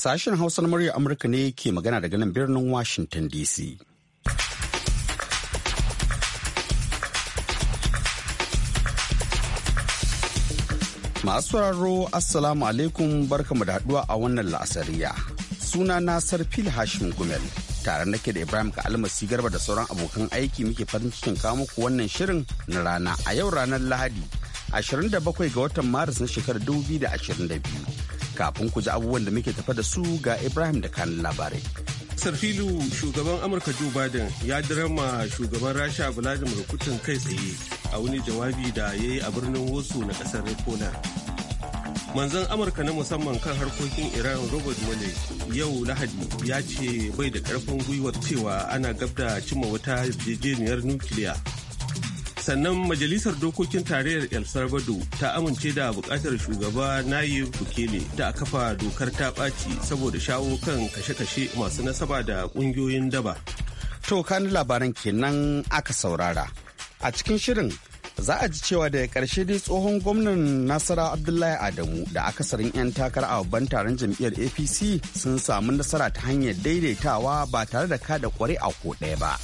Sashen Hausa na murya Amurka ne ke magana daga nan birnin Washington DC. Masu sauraro Assalamu alaikum barkamu da haduwa a wannan la'asariya. Suna na Sarfil Hashim Gumel. Tare nake da Ibrahim ka almasi garba da sauran abokan aiki muke farin cikin kawo muku wannan shirin na rana a yau ranar Lahadi 27 ga watan Maris na shekarar 2022. kafin ku ji abubuwan da muke tafa da su ga Ibrahim da kan labarai. Sarfilu shugaban Amurka Joe Biden ya dirama shugaban Rasha Vladimir Putin kai tsaye a wani jawabi da ya yi a birnin wasu na kasar Poland. Manzan Amurka na musamman kan harkokin Iran Robert Mueller yau Lahadi ya ce bai da karfin gwiwar cewa ana gabda cimma wata yarjejeniyar nukiliya sannan majalisar dokokin tarayyar el salvador ta amince da bukatar shugaba nayib bukele da a kafa dokar ta ɓaci saboda shawo kan kashe-kashe masu nasaba da ƙungiyoyin daba to kan labaran kenan aka saurara a cikin shirin za a ji cewa daga ƙarshe dai tsohon gwamnan nasara abdullahi adamu da akasarin 'yan takara a babban taron jam'iyyar apc sun samu nasara ta hanyar daidaitawa ba tare da kada ƙwari a ko ɗaya ba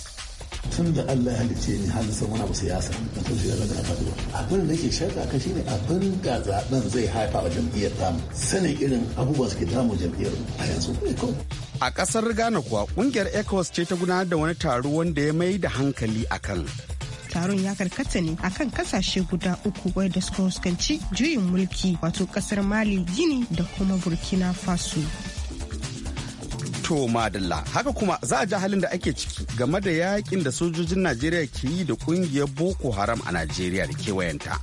tun da Allah ya halice ni halin san wani abu siyasa na kan shi daga faduwa abin da yake shaka ka shine abin da zaben zai haifa a jam'iyyar tamu sanin irin abubuwa suke damu jam'iyyar a yanzu a kasar Ghana kuwa kungiyar ECOWAS ce ta gudanar da wani taro wanda ya mai da hankali akan taron ya karkata ne akan kasashe guda uku wadda suka fuskanci juyin mulki wato kasar mali gini da kuma burkina faso To madalla haka kuma za a ji halin da ake ciki game da yakin da sojojin Najeriya ke yi da kungiyar Boko Haram a Najeriya da kewayenta.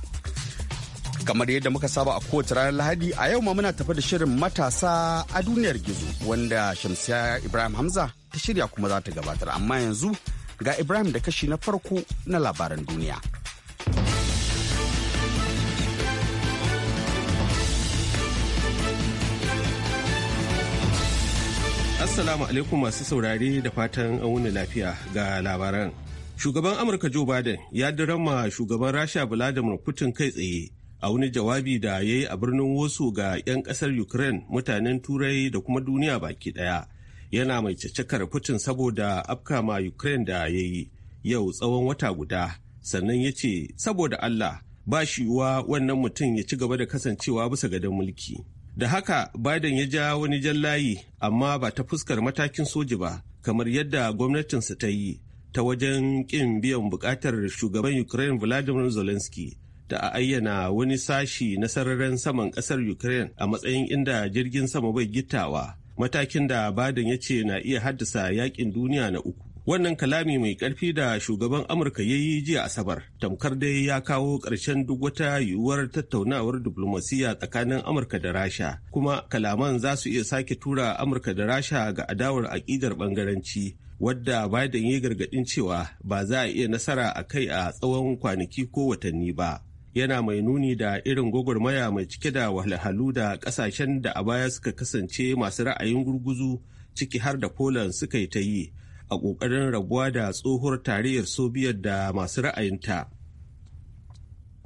Kamar yadda muka saba a kowace ranar Lahadi a yau ma muna tafi da shirin matasa a duniyar gizo wanda Shamsiya Ibrahim Hamza ta shirya kuma za ta gabatar amma yanzu ga Ibrahim da kashi na farko na labaran duniya. Assalamu alaikum masu saurari da fatan an wuni lafiya ga labaran. Shugaban Amurka Joe Biden ya dirama shugaban Rasha Vladimir Putin kai tsaye a wani jawabi da ya yi a birnin Woso ga 'yan kasar Ukraine mutanen Turai da kuma duniya baki ɗaya. Yana mai cacakar Putin saboda afkama Ukraine da ya yi yau tsawon wata guda sannan ya ce saboda Allah ba shi wa wannan mutum ya ci gaba da kasancewa bisa gadon mulki. Da haka Biden ya ja wani jan layi amma ba ta fuskar matakin soji ba kamar yadda gwamnatinsa ta yi ta wajen ƙin biyan buƙatar shugaban Ukraine Vladimir Zelensky da a ayyana wani sashi na sararin saman ƙasar Ukraine a matsayin inda jirgin sama bai gittawa matakin da Biden ya ce na iya haddasa yaƙin duniya na uku. wannan kalami mai karfi da shugaban amurka ya yi jiya asabar tamkar dai ya kawo ƙarshen duk wata yiwuwar tattaunawar diplomasiya tsakanin amurka da rasha kuma kalaman za su iya sake tura amurka da rasha ga adawar aƙidar ɓangaranci wadda biden ya gargaɗin cewa ba za a iya nasara a kai a tsawon kwanaki ko watanni ba yana mai nuni da irin gwagwarmaya mai cike da wahalhalu da ƙasashen da a baya suka kasance masu ra'ayin gurguzu ciki har da poland suka yi ta yi a ƙoƙarin rabuwa da tsohuwar tarayyar sobiyar da masu ra'ayinta.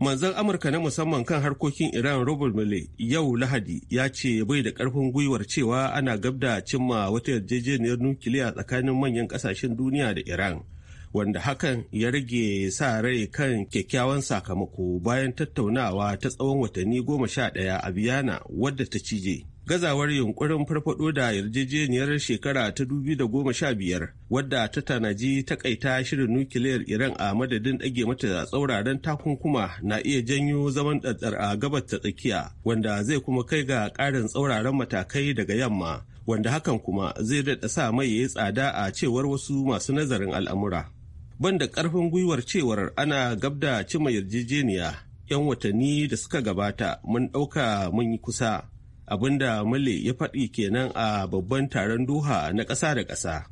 Manzan Amurka na musamman kan harkokin Iran Robert Mele yau Lahadi ya ce bai da karfin gwiwar cewa ana gabda cimma wata yarjejeniyar nukiliya tsakanin manyan ƙasashen duniya da Iran. wanda hakan ya rage sa rai kan kyakkyawan sakamako bayan tattaunawa ta tsawon watanni goma sha ɗaya a biyana wadda ta cije. gazawar yunkurin farfado da yarjejeniyar shekara ta da goma sha biyar wadda ta tanaji takaita shirin nukiliyar iran a madadin ɗage mata tsauraran takunkuma na iya janyo zaman ɗaɗɗar a gabas ta tsakiya wanda zai kuma kai ga ƙarin tsauraran matakai daga yamma wanda hakan kuma zai daɗa sa mai ya tsada a cewar wasu masu nazarin al'amura banda karfin gwiwar cewar ana gabda cima yarjejeniya 'yan watanni da suka gabata mun ɗauka mun yi kusa abinda Mali ya faɗi kenan a babban taron duha na ƙasa da ƙasa.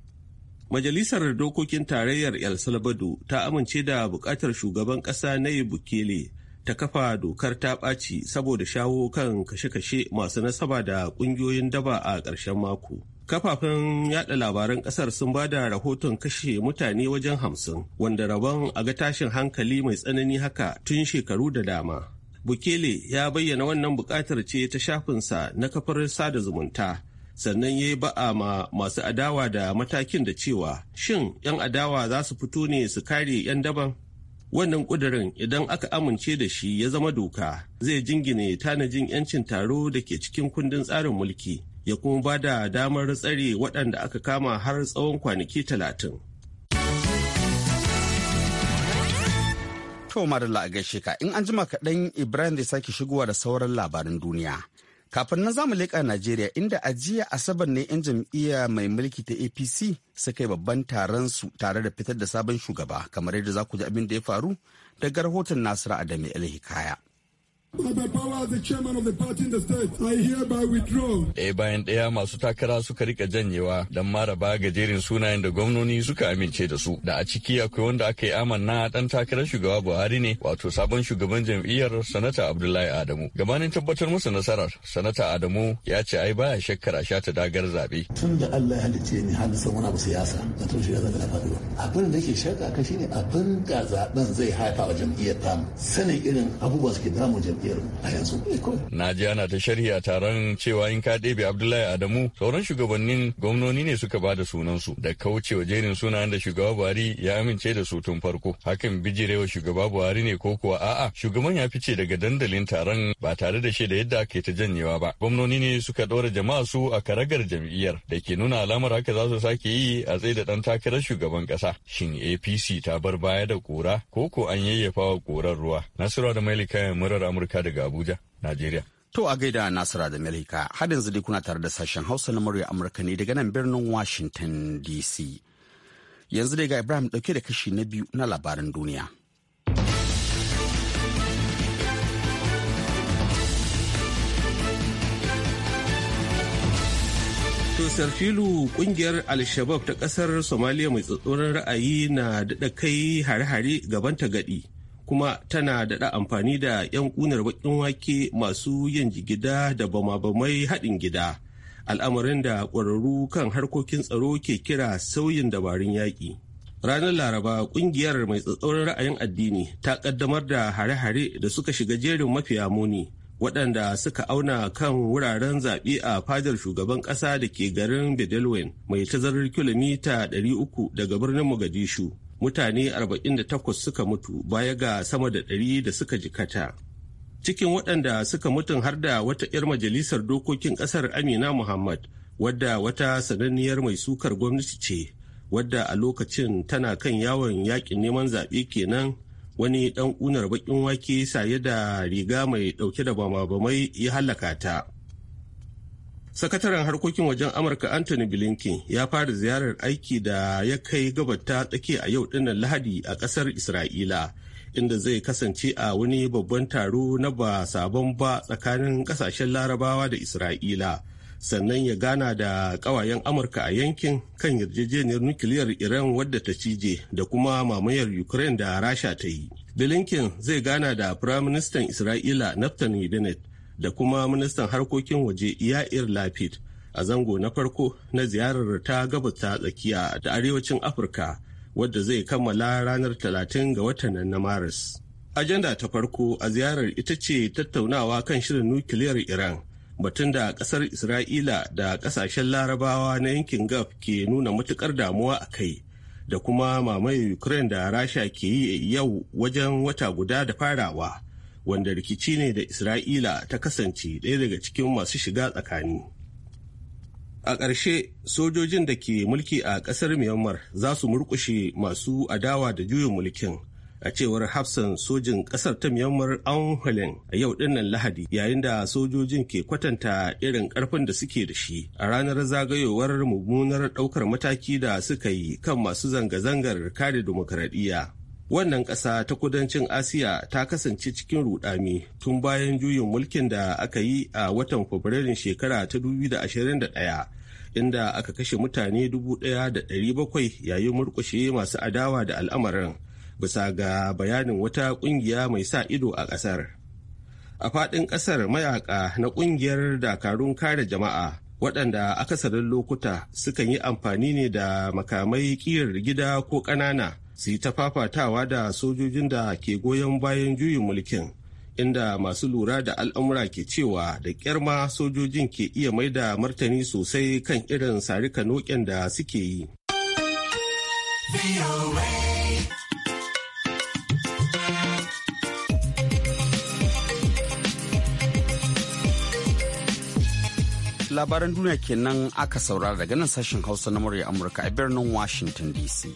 Majalisar Dokokin Tarayyar El Salvador ta amince da buƙatar shugaban ƙasa na Bukele ta kafa dokar ta ɓaci saboda shawo kan kashe-kashe masu nasaba da ƙungiyoyin daba a ƙarshen mako. kafafen yada labaran ƙasar sun ba da rahoton kashe mutane wajen hamsin wanda rabon a ga tashin hankali mai tsanani haka tun shekaru da dama Bukele ya bayyana wannan bukatar ce ta shafinsa na kafar sada zumunta. Sannan ya yi ba'a ma masu adawa da matakin da cewa shin 'yan adawa za su fito ne su kare 'yan daban? Wannan ƙudurin idan aka amince da shi ya zama doka zai jingine tanajin 'yancin taro da ke cikin kundin tsarin mulki ya kuma ba da damar tsare waɗanda aka kama har tsawon kwanaki talatin. To madalla a gaishe ka in an jima kaɗan Ibrahim zai sake shigowa da sauran labaran duniya. Kafin nan zamu leƙa Najeriya inda a jiya Asabar ne 'yan jam'iyya mai mulki ta APC suka yi babban taron su tare da fitar da sabon shugaba kamar yadda za ku ji abin da ya faru daga rahoton Nasiru Adamu El Hikaya. Ɗaya bayan ɗaya masu takara suka rika janyewa don maraba gajeren sunayen da gwamnoni suka amince da su. Da a ciki akwai wanda aka yi amanna ɗan takarar shugaba Buhari ne wato sabon shugaban jam'iyyar Sanata Abdullahi Adamu. Gabanin tabbatar masa nasarar, Sanata Adamu ya ce ai baya shakkara sha ta dagar zaɓe. Tun da Allah ya halicce ni har san wani abu siyasa, na tun shiga zaɓe na faɗuwa. Abin da ke shakka ka ne abin da zaɓen zai haifa wa jam'iyyar tamu. Sanin irin abubuwa suke damu jam'iyyar. jam'iyyar a eh, na ta sharhi a taron cewa in ka ɗebe abdullahi adamu sauran shugabannin gwamnoni ne suka ba da sunansu da kaucewa jerin sunayen da shugaba buhari ya amince da su tun farko hakan bijirewa shugaba buhari ne ko kuwa a'a shugaban ya fice daga dandalin taron ba tare da shaida yadda ake ta janyewa ba gwamnoni ne suka ɗora jama'a su a karagar jam'iyyar da ke nuna alamar haka za su sake yi a tsaye da ɗan takarar shugaban ƙasa shin apc ta bar baya da ƙura ko ko an yayyafa wa ƙorar ruwa nasiru da mailika murar amurka Amurka daga Abuja, Najeriya. To a gaida Nasira da melika har yanzu dai kuna tare da sashen Hausa na murya Amurka ne daga nan birnin Washington DC. Yanzu dai ga Ibrahim dauke da kashi na biyu na labaran duniya. to filu kungiyar alshabab ta kasar Somalia mai tsotsoron ra'ayi na daɗa kai hare-hare gaban ta gaɗi kuma tana daɗa amfani da 'yan ƙunar baƙin wake masu yin jigida da bama-bamai haɗin gida al'amarin da ƙwararru kan harkokin tsaro ke kira sauyin dabarun yaƙi ranar laraba ƙungiyar mai tsatsauran ra'ayin addini ta ƙaddamar da hare-hare da suka shiga jerin mafiya muni waɗanda suka auna kan wuraren zaɓe a fadar shugaban ƙasa da ke garin bedelwin mai tazarar kilomita 300 daga birnin mogadishu mutane 48 suka mutu baya ga sama da 100 da suka jikata. Cikin waɗanda suka mutun har da wata 'yar majalisar dokokin ƙasar Amina Muhammad, wadda wata sananniyar mai sukar gwamnati ce, wadda a lokacin tana kan yawon yaƙin neman zaɓe kenan wani ɗan ƙunar baƙin wake saye da riga mai ɗauke da bama-bamai ya hallaka ta. sakataren harkokin wajen amurka anthony blinken ya fara ziyarar aiki da ya kai gabata tsake a yau dinnan lahadi a kasar isra'ila inda zai kasance a wani babban taro na ba sabon ba tsakanin kasashen larabawa da isra'ila sannan ya gana da kawayen amurka a yankin kan yarjejeniyar nukiliyar iran wadda ta cije da kuma mamayar ukraine da rasha ta yi blinken zai gana da firaministan isra'ila naftali bennett da kuma ministan harkokin waje Ya'ir Lapid a zango na farko na ziyarar ta gabas ta tsakiya da arewacin Afirka wadda zai kammala ranar 30 ga watan na Maris. Ajanda ta farko a ziyarar ita ce tattaunawa kan shirin nukiliyar Iran batun da kasar Isra'ila da kasashen larabawa na yankin gaf ke nuna matukar damuwa a kai. da kuma mamaye Ukraine da Rasha ke yi yau wajen wata guda da farawa wanda rikici ne da Isra'ila ta kasance ɗaya daga cikin masu shiga tsakani. A ƙarshe, sojojin da ke mulki a ƙasar Myanmar za su murƙushe masu adawa da juyin mulkin. a cewar hafsan sojin ƙasar ta Myanmar an a yau dinnan Lahadi yayin da sojojin ke kwatanta irin ƙarfin da suke da shi a ranar zagayowar mummunar ɗaukar mataki da suka yi kan masu zanga-zangar kare dimokuraɗiyya. wannan ƙasa ta kudancin asiya ta kasance cikin rudami tun bayan juyin mulkin da aka yi a watan fabrairun shekara ta 2021 inda aka kashe mutane 1,700 yayin murkushe masu adawa da al'amarin bisa ga bayanin wata ƙungiya mai sa ido a ƙasar a faɗin ƙasar mayaka na ƙungiyar dakarun kare jama'a waɗanda akasarin lokuta sukan yi amfani ne da makamai ƙirar gida ko ƙanana su yi ta fafatawa da sojojin da ke goyon bayan juyin mulkin inda masu lura da al'amura ke cewa da ma sojojin ke iya mai da martani sosai kan irin sarika noken da suke yi. Labaran duniya kenan aka saurara daga nan sashen Hausa na murya Amurka a birnin Washington DC.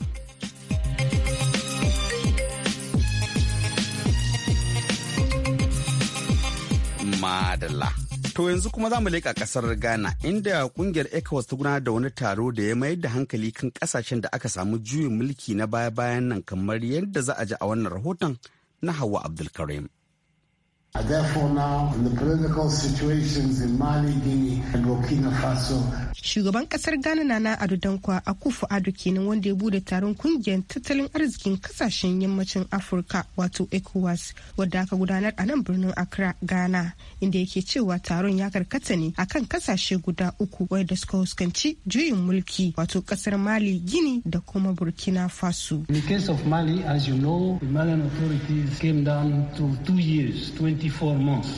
Madalla. To yanzu kuma za mu leƙa ƙasar Ghana inda kungiyar ECOWAS ta gudanar da wani taro da ya mayar da hankali kan ƙasashen da aka samu juyin mulki na baya-bayan nan kamar yadda za a ji a wannan rahoton na Hauwa Abdulkarim. Shugaban kasar Ghana na Nana Ado Dankwa kufu Ado kenan wanda ya bude taron kungiyar tattalin arzikin kasashen yammacin Afirka wato ECOWAS wadda aka gudanar a nan birnin Accra, Ghana inda yake cewa taron ya karkata ne akan kasashe guda uku wadda suka huskanci juyin mulki wato kasar Mali, Gini da kuma Burkina Faso. In the case of Mali, as you know, the Malian authorities came down to two years, 20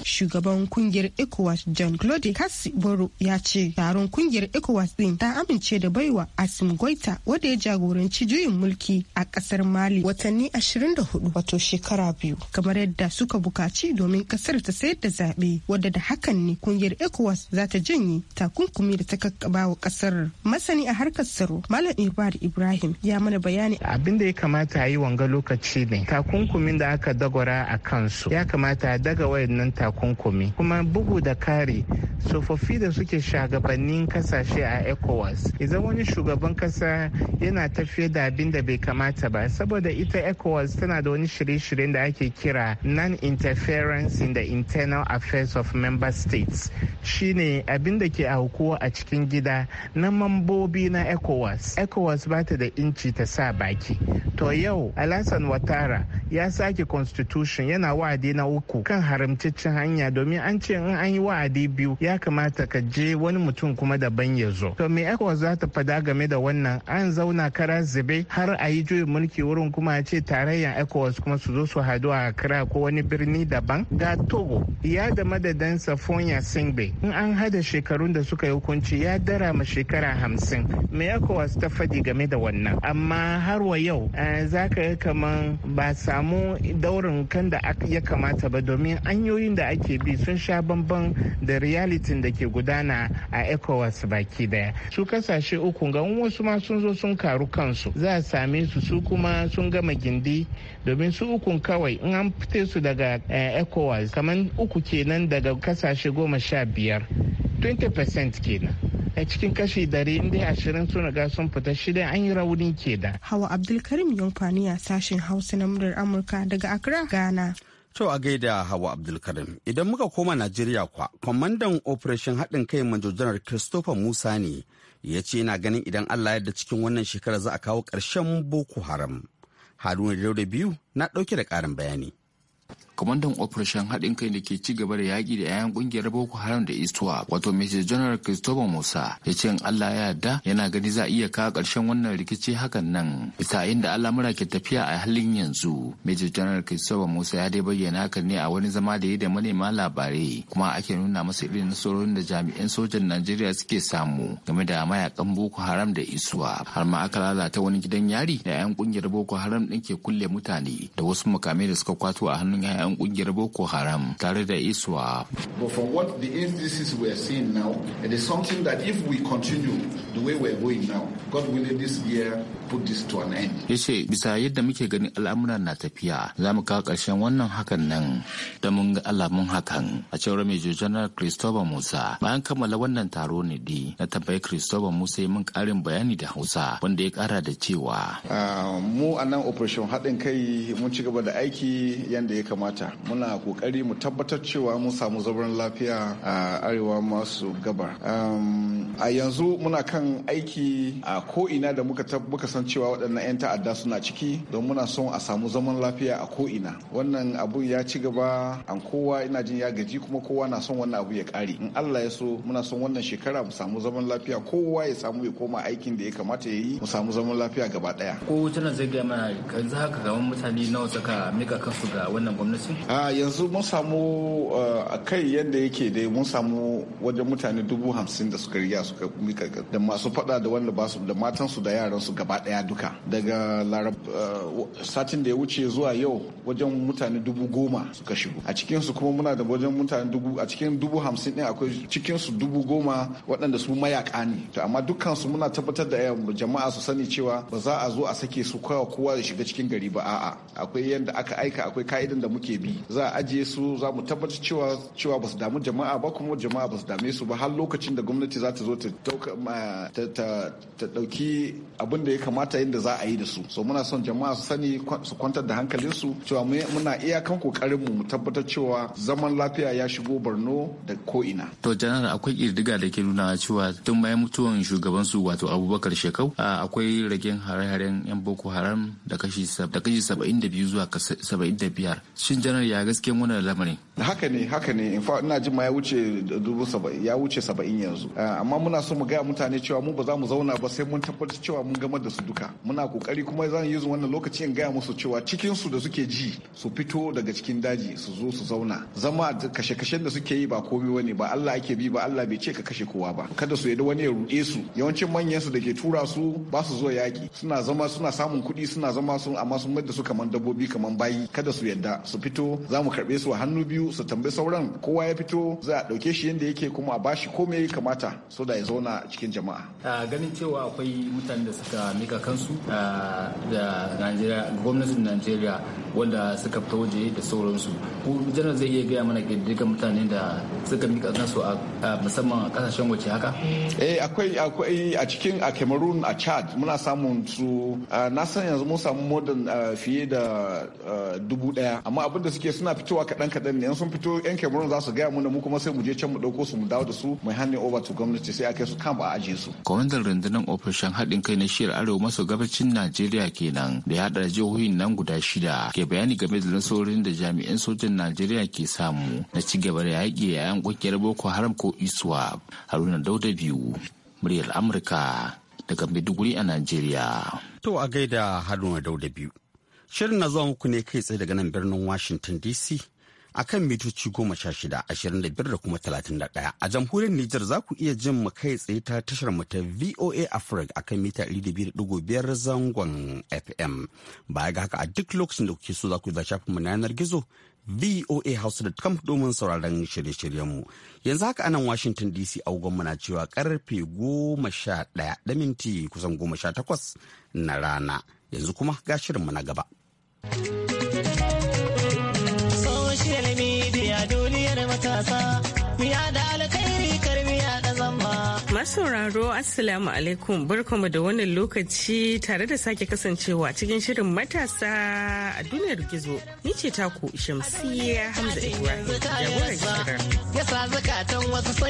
Shugaban kungiyar ECOWAS John Claude Kassi Boro ya ce taron kungiyar ECOWAS din ta amince da baiwa Asim Goita wanda ya jagoranci juyin mulki a kasar Mali watanni 24 wato shekara biyu kamar yadda suka bukaci domin kasar ta sayar da zaɓe wadda da hakan ne kungiyar ECOWAS za ta janye takunkumi da ta kakkaba wa kasar. Masani a harkar tsaro Malam Ibrahim Ibrahim ya mana bayani. Abin da ya kamata a yi wanga lokaci ne takunkumin da aka dagwara a kansu ya kamata a daga wayannan takunkumi kuma bugu da kare tsofaffi da suke shagabannin kasashe a ecowas idan wani shugaban kasa yana tafiye da abin da bai kamata ba saboda ita ecowas tana da wani shirye-shiryen da ake kira non-interference in the internal affairs of member states shine abin da ke aukuwa a cikin gida na mambobi na ecowas ecowas ba ta da inci ta sa baki to yau alasan watara ya sake constitution yana wa'adi na uku kan haramtaccen hanya domin an ce in an yi wa'adi biyu ya kamata ka je wani mutum kuma daban ya zo to me ecowas za ta fada game da wannan an zauna kara zube har a yi juyin mulki wurin kuma a ce tarayyar ecowas kuma su zo su hadu a kira ko wani birni daban ga togo ya da madadin safonya singbe in an hada shekarun da suka yi hukunci ya dara ma shekara hamsin me ecowas ta fadi game da wannan amma har wa yau eh, za ka yi kaman ba samu daurin kan da ya kamata ba domin ganin hanyoyin da ake bi sun sha bamban da realitin da ke gudana a ecowas baki daya su kasashe uku ga wasu ma sun zo sun karu kansu za a same su su kuma sun gama gindi domin su uku kawai in an fite su daga eh, ecowas kamar uku kenan daga kasashe goma sha biyar 20% kenan a cikin kashi dare inda ashirin sun riga sun fita shida an yi raunin ke da. Hawa Abdulkarim Yunfaniya sashen Hausa na murar Amurka daga Accra, Ghana. To a gaida Hawa Abdulkarim idan muka koma Najeriya kwa, kwamandan operation haɗin kai manjojinar Christopher Musa ne ya ce yana ganin idan Allah yadda cikin wannan shekarar za a kawo ƙarshen Boko Haram. Haruna da biyu na ɗauke da ƙarin bayani. kwamandan operation haɗin kai da ke ci gaba da yaƙi da 'ya'yan ƙungiyar boko haram da istuwa wato mr general christopher musa ya ce allah ya yarda yana gani za a iya kawo ƙarshen wannan rikici hakan nan bisa inda al'amura ke tafiya a halin yanzu major general christopher musa ya dai bayyana hakan ne a wani zama da ya da manema labarai kuma ake nuna masa irin nasarorin da jami'an sojan najeriya suke samu game da mayakan boko haram da isuwa har ma aka lalata wani gidan yari da 'ya'yan ƙungiyar boko haram ɗin ke kulle mutane da wasu mukamai da suka kwato a hannun 'ya'yan 'yan kungiyar Boko Haram tare da Iswa. But from what the instances we are seeing now, it is something that if we continue the way we are going now, God willing this year put this to an end. Ya ce bisa yadda muke gani al'amura na tafiya za mu kawo ƙarshen wannan hakan nan da mun ga alamun hakan a cewar mai janar Christopher Musa. Bayan kammala wannan taro ne di na tambayi Christopher Musa ya min ƙarin bayani da Hausa wanda ya kara da cewa. Ah, mu a nan operation haɗin kai mun ci gaba da aiki yadda ya kamata. kamata muna kokari mu tabbatar cewa mun samu zaman lafiya a arewa masu gabar um, a yanzu muna kan aiki a ko'ina da muka san cewa waɗannan 'yan ta'adda suna ciki don muna son a samu zaman lafiya a ko'ina wannan abu ya ci gaba an kowa ina jin ya gaji kuma kowa na son wannan abu ya ƙare in allah ya so muna son wannan shekara mu samu zaman lafiya kowa ya samu ya koma aikin da ya kamata ya yi mu samu zaman lafiya gaba ɗaya ko nan zai gaya mana yanzu haka ga mutane nawa suka mika kansu ga wannan gwamnati a yanzu mun samu eh, a kai yadda yake dai mun samu wajen mutane dubu hamsin da suka riga suka mika da masu fada da wanda ba su da matan su da yaran su gaba daya duka daga larab eh, satin da ya wuce zuwa yau wajen mutane dubu goma suka shigo a cikin su kuma muna da wajen mutane dubu a cikin dubu hamsin ɗin akwai cikin su dubu goma waɗanda su mayaka ne to amma dukkan su muna tabbatar da eh, jama'a su sani cewa ba za a zo a sake su kowa kowa ya shiga cikin gari ba a'a akwai yadda aka aika akwai ka'idan da muke suke bi za a ajiye su za mu tabbatar cewa cewa ba su damu jama'a ba kuma jama'a ba su dame su ba har lokacin da gwamnati za ta zo ta dauki abin da ya kamata yadda za a yi da su so muna son jama'a su sani su kwantar da hankalin su cewa muna iyakan kokarin mu mu tabbatar cewa zaman lafiya ya shigo barno da ko ina to janar akwai kirdiga da ke nuna cewa tun bayan mutuwan shugaban su wato Abubakar Shekau akwai ragen hare-haren yan Boko Haram da kashi da kashi 72 zuwa 75 shin janar ya gaske muna da lamarin haka ne haka ne in ina jin ma ya wuce dubu saba'in ya wuce saba'in yanzu eh, amma muna so mu gaya mutane cewa mu ba za mu zauna ba sai mun tabbatar cewa mun gama da su duka muna kokari kuma mu yi wannan lokaci in gaya musu cewa cikin su da suke ji su fito daga cikin daji su zo su zauna zama kashe-kashen da suke yi ba komai wani ba Allah ake bi ba Allah bai ce ka kashe kowa ba kada su yadda wani ya ruɗe su yawancin manyan su da ke tura su ba su zo yaki suna zama suna samun kuɗi suna zama sun amma sun mai da su kaman dabbobi kaman bayi kada su yadda su fito fito za mu karbe su a hannu biyu su tambayi sauran kowa ya fito za a ɗauke shi yadda yake kuma a bashi kome ya kamata so da ya zauna cikin jama'a. a ganin cewa akwai mutane da suka mika kansu da gwamnatin najeriya wanda suka fito waje da sauransu ko janar zai iya gaya mana girgirgar mutane da suka mika kansu a musamman a kasashen waje haka. eh akwai akwai a cikin a cameroon a chad muna samun su na san yanzu mun samu modan fiye da dubu daya amma abin da suke suna fitowa kaɗan kaɗan ne sun fito yan Cameroon za su gaya mu mu kuma sai mu je can mu ɗauko su mu dawo da su mai hannu over to gwamnati sai a kai su kan ba a ajiye su. Kwamandan rundunar ofishin haɗin kai na shiyar arewa maso gabacin Najeriya kenan da ya haɗa jihohin nan guda shida ke bayani game da nasarorin da jami'an sojan Najeriya ke samu na ci gaba da yaƙi yayan ƙungiyar Boko Haram ko Iswa Haruna Dauda biyu muryar Amurka daga Maiduguri a Najeriya. To a gaida Haruna Dauda biyu. Shirin na zuwa muku ne kai tsaye daga nan birnin Washington DC a kan mitoci goma sha shida ashirin da biyar da kuma talatin da ɗaya. A jamhuriyar Nijar za ku iya jin mu kai tsaye ta tashar mu ta VOA Africa a kan mita ɗari da biyar ɗigo biyar zangon FM. Baya ga haka a duk lokacin da kuke so za ku iya shafin mu na yanar gizo voa da kam domin sauraron shirye shiryen mu Yanzu haka anan Washington DC agogon na cewa karfe goma sha ɗaya da minti kusan goma sha takwas na rana. Yanzu kuma ga mu na gaba. Social media duniyar matasa, miya da Masauraro Assalamu alaikum barkamu da wannan lokaci tare da sake kasancewa cikin shirin matasa a duniyar gizo. Ni ce taku Shamsiyya Hamza Ibrahim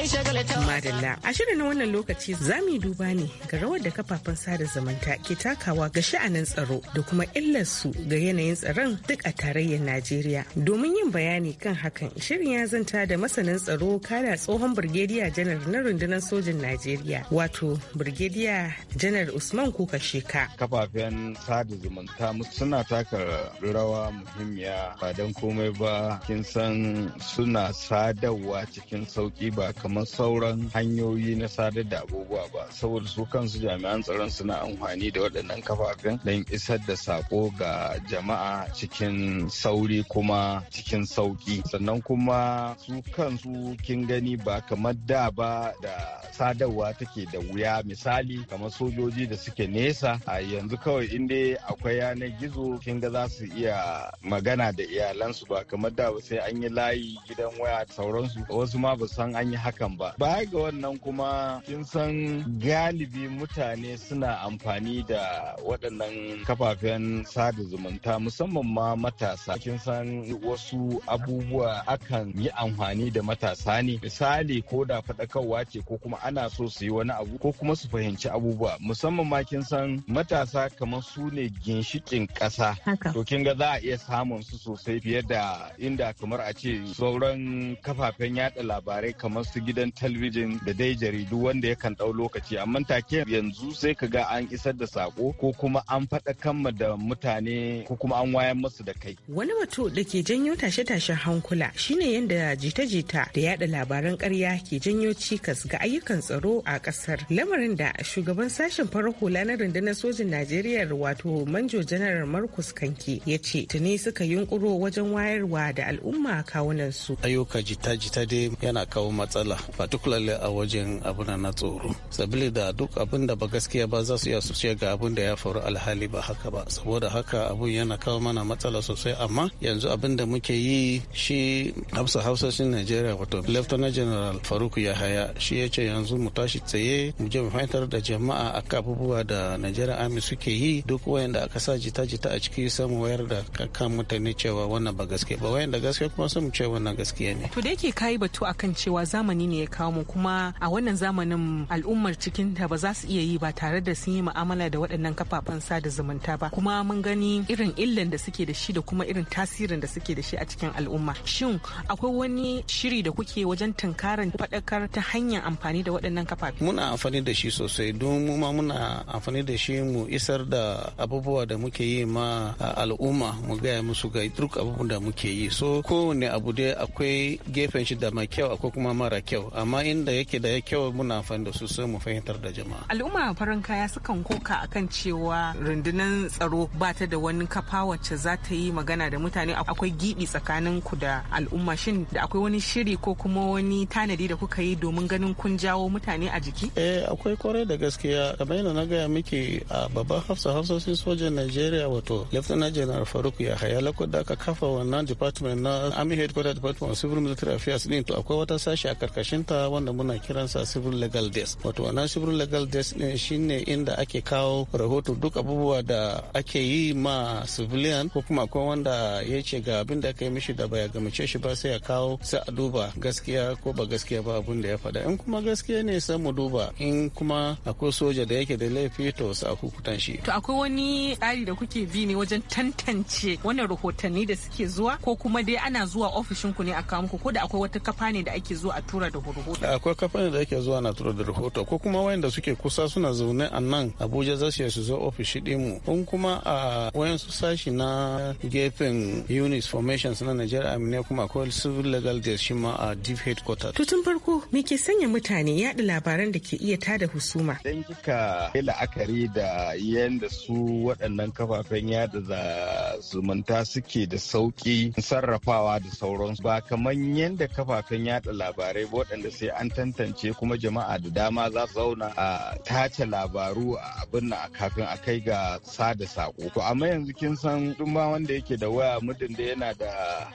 jagoran shirin. a shirin na wannan lokaci za mu yi duba ne ga rawar da kafafen sada zumunta ke takawa ga sha'anin tsaro da kuma illarsu ga yanayin tsaron duk a tarayyar Najeriya. Domin yin bayani kan hakan shirin ya zanta da masanin tsaro kada tsohon Birgediya janar na rundunar sojin Najeriya. Najeriya wato Brigadier Janar Usman Kuka Sheka. Kafafen sada zumunta suna taka rawa muhimmiya ba don komai ba kin san suna sadarwa cikin sauki ba kamar sauran hanyoyi na sadar da abubuwa ba saboda su kansu jami'an tsaron suna amfani da waɗannan kafafen don isar da sako ga jama'a cikin sauri kuma cikin sauki sannan kuma su kansu kin gani ba kamar da ba da sadarwa sadarwa take da wuya misali kamar sojoji da suke nesa a yanzu kawai inda akwai yanar gizo kin ga za su iya magana da iyalansu ba kamar da sai an yi layi gidan waya sauransu wasu ma ba san an yi hakan ba baya ga wannan kuma kin san galibi mutane suna amfani da waɗannan kafafen sada zumunta musamman ma matasa kin san wasu abubuwa akan yi amfani da matasa ne misali ko da faɗakarwa ce ko kuma ana so so su yi wani abu ko kuma su fahimci abubuwa musamman ma kin san matasa kamar su ne ginshikin ƙasa to kin ga za a iya samun su sosai fiye da inda kamar a ce sauran kafafen yada labarai kamar su gidan talbijin da dai jaridu wanda ya kan ɗau lokaci amma take yanzu sai ka ga an isar da sako ko kuma an faɗa kanma da mutane ko kuma an wayar musu da kai wani mutum da ke janyo tashe-tashen hankula shine yadda jita-jita da yada labaran ƙarya ke janyo cikas ga ayyukan tsaro a kasar lamarin da shugaban sashen farar hula na rundunar sojin najeriya wato manjo janar markus kanki ya ce tuni suka yunkuro wajen wayarwa da al'umma kawunan su ayyuka jita-jita dai yana kawo matsala particularly a wajen abu na tsoro sabili da duk abin da ba gaskiya ba za su iya su ga abin da ya faru alhali ba haka ba saboda haka abun yana kawo mana matsala sosai amma yanzu abin da muke yi shi hausa shi najeriya wato lieutenant general faruk yahaya shi ya ce yanzu mu tashi tsaye mu je mu fahimtar da jama'a a abubuwa da Najeriya Army suke yi duk wayanda aka sa jita-jita a ciki sai mu wayar da kan mutane cewa wannan ba gaske ba wayanda gaske kuma sai mu ce wannan gaskiya ne. To da yake kai batu akan cewa zamani ne ya kawo mu kuma a wannan zamanin al'ummar cikin ta ba za su iya yi ba tare da sun yi mu'amala da waɗannan kafafen sada zumunta ba kuma mun gani irin illan da suke da shi da kuma irin tasirin da suke da shi a cikin al'umma. Shin akwai wani shiri da kuke wajen tunkarar faɗakar ta hanyar amfani da waɗannan waɗannan kafafi? muna amfani da shi sosai don mu ma muna amfani da shi mu isar da abubuwa da muke yi ma al'umma mu gaya musu ga duk abubuwan da muke yi so kowane abu dai akwai gefen shi da mai kyau akwai kuma mara kyau amma inda yake da ya kyau muna amfani da su sai mu fahimtar da jama'a al'umma farin kaya sukan koka akan cewa rundunar tsaro ba ta da wani kafa wacce za ta yi magana da mutane akwai gibi tsakanin ku da al'umma shin da akwai wani shiri ko kuma wani tanadi da kuka yi domin ganin kun jawo mutane mutane a jiki? Eh akwai kwarai da gaskiya kamar yadda na gaya miki a babban hafsa hafsoshin sojan Najeriya wato Lieutenant General Faruk Yahaya lakon da aka kafa wannan department na Army Headquarters Department of Civil Military Affairs din to akwai wata sashi a karkashin ta wanda muna kiransa Civil Legal Desk. Wato wannan Civil Legal Desk din shine inda ake kawo rahoto duk abubuwa da ake yi ma civilian ko kuma akwai wanda ya ce ga abin da aka yi mishi da baya gamace shi ba sai ya kawo sai a duba gaskiya ko ba gaskiya ba abin da ya faɗa in kuma gaskiya ne sai mu duba in kuma akwai soja da yake da laifi to su a shi to akwai wani tsari da kuke bi ne wajen tantance wannan rahotanni da suke zuwa ko kuma dai ana zuwa ofishin ku ne a kawo muku ko da akwai wata kafa ne da ake zuwa a tura da rahoto akwai kafa ne da ake zuwa na tura da rahoto ko kuma wayanda suke kusa suna zaune a nan Abuja za su zo ofishi dinmu in kuma a wayansu sashi na gefen Unis Formations na Nigeria amina kuma akwai civil legal desk shi ma a deep headquarters to tun farko me ke sanya mutane yaɗa labaran da ke iya tada husuma. Dan kika yi la'akari da yadda su waɗannan kafafen yada zumunta suke da sauƙi sarrafawa da sauransu ba kamar yadda kafafen yada labarai ba waɗanda sai an tantance kuma jama'a da dama za su zauna a tace labaru a abin a kafin a kai ga sada saƙo. To amma yanzu kin san duk ma wanda yake da waya muddin da yana da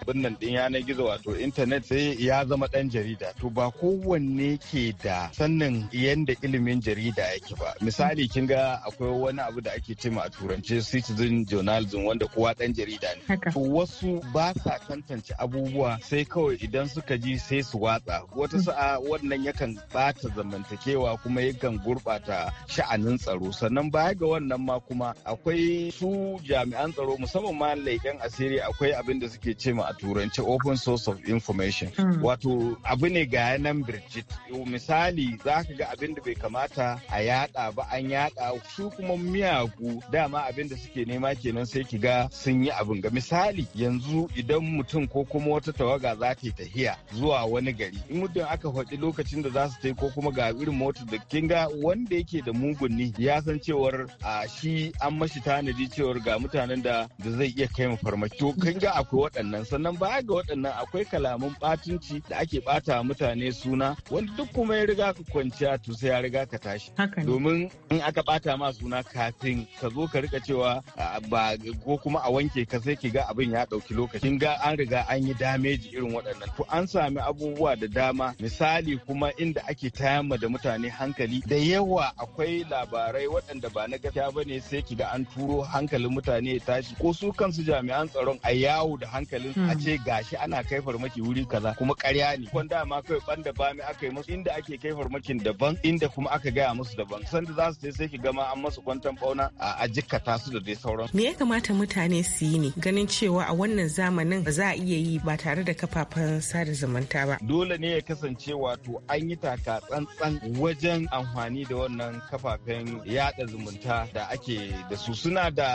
abin nan ɗin yanar gizo wato intanet sai ya zama ɗan jarida. To ba kowanne ke da fannin yadda ilimin jarida yake ba misali kin ga akwai wani abu da ake cema a turance citizen journalism wanda kowa dan jarida ne wasu ba sa tantance abubuwa sai kawai idan suka ji sai su watsa wata mm. sa'a wannan yakan bata zamantakewa kuma yakan gurbata sha'anin tsaro sannan baya ga wannan ma kuma akwai su jami'an tsaro musamman ma laifin asiri akwai abin da suke cema a turance open source of information mm. wato abu ne ga yanan birjit misali za ka ga abin da bai kamata a yada ba an yada su kuma miyagu dama abin da suke nema kenan sai ki ga sun yi abin ga misali yanzu idan mutum ko kuma wata tawaga za ta yi tahiya zuwa wani gari in muddin aka faɗi lokacin da za su ta ko kuma ga irin motar da kin ga wanda yake da mugunni ya san cewar a shi an mashi tanadi cewar ga mutanen da da zai iya kai farmaki to kin ga akwai waɗannan sannan baya ga waɗannan akwai kalaman ɓatunci da ake ɓata mutane suna wanda duk kuma ya riga kwanciya to sai ya riga ka tashi domin in aka bata ma suna kafin ka zo ka rika cewa ba ko kuma a wanke ka sai ki ga abin ya dauki lokacin ga an riga an yi dameji irin waɗannan to an sami abubuwa da dama misali kuma inda ake tayamma da mutane hankali da yawa akwai labarai waɗanda ba na gaskiya ba ne sai ki ga an turo hankalin mutane ya tashi ko su kansu jami'an tsaron a yawo da hankalin a hmm. ce gashi ana kai farmaki wuri kaza kuma ƙarya ne kwan dama kai banda bami aka yi musu inda ake kai farmaki farmakin daban inda kuma aka gaya musu daban sanda za su je sai ki gama an masu kwantan bauna. a jikkata su da dai sauran me ya kamata mutane su yi ne ganin cewa a wannan zamanin ba za a iya yi ba tare da kafafen sada zumunta ba dole ne ya kasance wato an yi taka tsantsan wajen amfani da wannan kafafen yada zumunta da ake da su suna da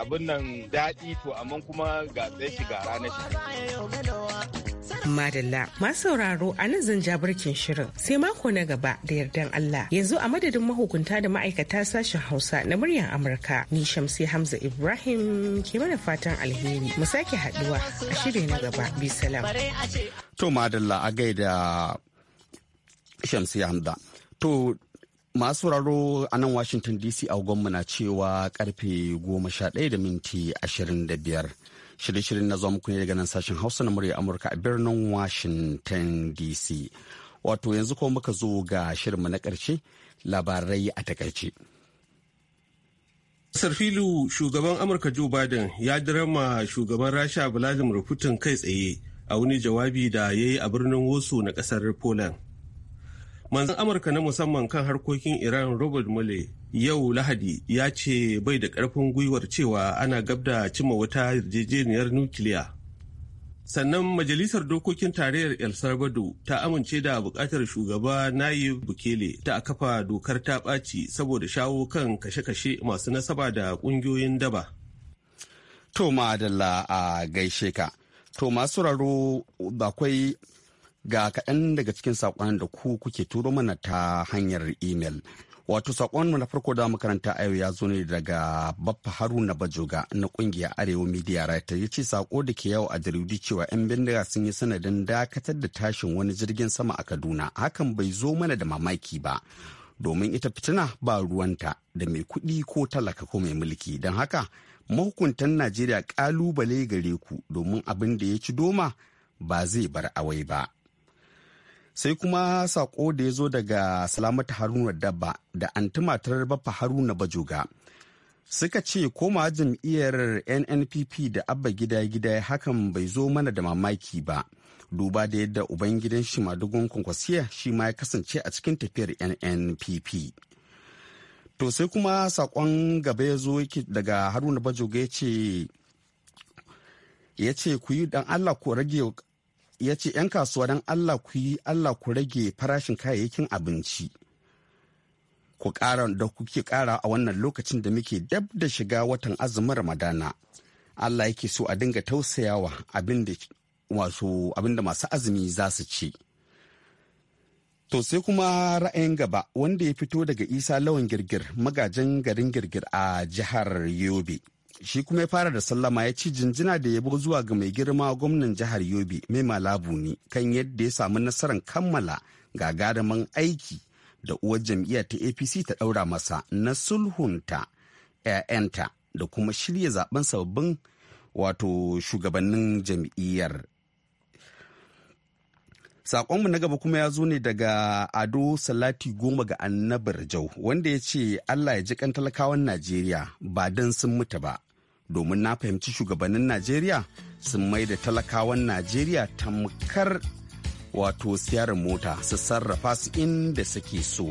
abin nan daɗi to amma kuma ga tsaye shi ga ranar shi madalla masu sauraro a nan zan shirin sai mako mako na gaba da yardan Allah. Yanzu a madadin mahukunta da ma'aikata sashen Hausa na muryar Amurka ni Shamsi Hamza Ibrahim ke mana fatan alheri mu sake haduwa a shirye na gaba bi salam. To madalla a gaida Shamsi Hamza. To masu raro a nan Washington DC agonmu na cewa karfe goma da minti 25. da biyar. shirye na zuwa muku ne daga nan sashen Hausa na murya Amurka a birnin Washington DC. wato yanzu kuma muka zo ga shirinmu na ƙarshe labarai a takaice. Ƙasar filu shugaban Amurka Joe Biden ya dirama shugaban Rasha Vladimir Putin kai tsaye a wani jawabi da ya yi a birnin Wosu na ƙasar Poland. Manzan Amurka na musamman kan harkokin Iran Robert Mueller yau Lahadi ya ce bai da ƙarfin gwiwar cewa ana gabda da cimma wata yarjejeniyar nukiliya. sannan majalisar dokokin tarayyar el salvador ta amince da bukatar shugaba nayib bukele ta kafa dokar ta ɓaci saboda shawo kan kashe-kashe masu nasaba da ƙungiyoyin daba to madalla a gaishe ka to masu raro bakwai ga kaɗan daga cikin saƙon da ku kuke turo mana ta hanyar imel Wato sakon na farko da makaranta a yau ya zo ne daga Baffa Haruna Bajoga na ƙungiyar Arewa Media Writer ya ce saƙo da ke yau a jaridu cewa 'yan bindiga sun yi sanadin dakatar da tashin wani jirgin sama a Kaduna hakan bai zo mana da mamaki ba. Domin ita fitina ba ruwanta da mai kuɗi ko talaka ko mai mulki don haka mahukuntan Najeriya ƙalubale gare ku domin abin da ya ci doma ba zai bar awai ba. sai kuma sako da ya zo daga salamata haruna dabba da antimatar bafa haruna bajoga suka ce koma jam'iyyar nnpp da abba gida gida hakan bai zo mana da mamaki ba duba da yadda ubangidan shi madugun kwankwasiya shi ma ya kasance a cikin tafiyar nnpp to sai kuma sakon gaba ya zo daga haruna bajoga ya ce ya ce ku yi dan Allah ku rage ya ce 'yan kasuwa don Allah ku yi Allah ku rage farashin kayayyakin abinci. Ku ƙara da kuke ƙara a wannan lokacin da muke dab da shiga watan azumin Ramadana. Allah yake so a dinga tausayawa abin da masu azumi za su ci. To sai kuma ra'ayin gaba wanda ya fito daga Isa Lawan Girgir magajin garin Girgir a jihar Yobe. shi kuma ya fara da sallama ya ci jinjina da ya yabo zuwa ga mai girma gwamnan jihar yobe mai malabu ne kan yadda ya samu nasarar kammala gagaraman aiki da uwar jam'iyyar ta apc ta ɗaura masa na sulhunta 'ya'yanta da kuma shirya zaben sababbin wato shugabannin jam'iyyar Sakonmu na gaba kuma ya zo ne daga Ado Salati Goma ga Annabar Jau wanda ya ce Allah ya ji kan talakawan Najeriya ba don sun mutu ba domin na fahimci shugabannin najeriya sun mai da talakawan najeriya tamkar wato siyar mota su sarrafa su inda suke so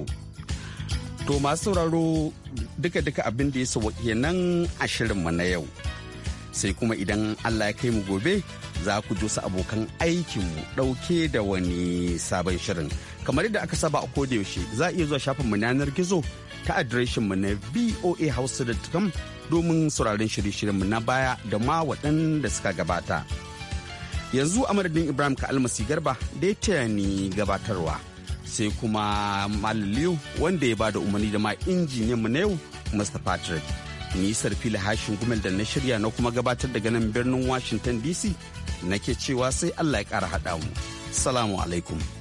to masu sauraro duka-duka abin da ya sauwa nan a shirinmu na yau sai kuma idan allah ya kai mu gobe za ku ji su abokan aikinmu ɗauke da wani sabon shirin kamar yadda aka saba a yaushe za a iya zuwa shafinmu na yanar gizo ta mu na voahausa.com domin sauraron shirye-shiryenmu na baya da ma waɗanda suka gabata. Yanzu a Ibrahim ka almasi garba da ya ni gabatarwa sai kuma Malilu wanda ya ba da umarni da ma mu na yau Mr. Patrick. Ni Sarfila Hashin Gumel da na shirya na kuma gabatar daga nan birnin Washington DC nake cewa sai Allah ya ƙara haɗa mu. Salamu alaikum.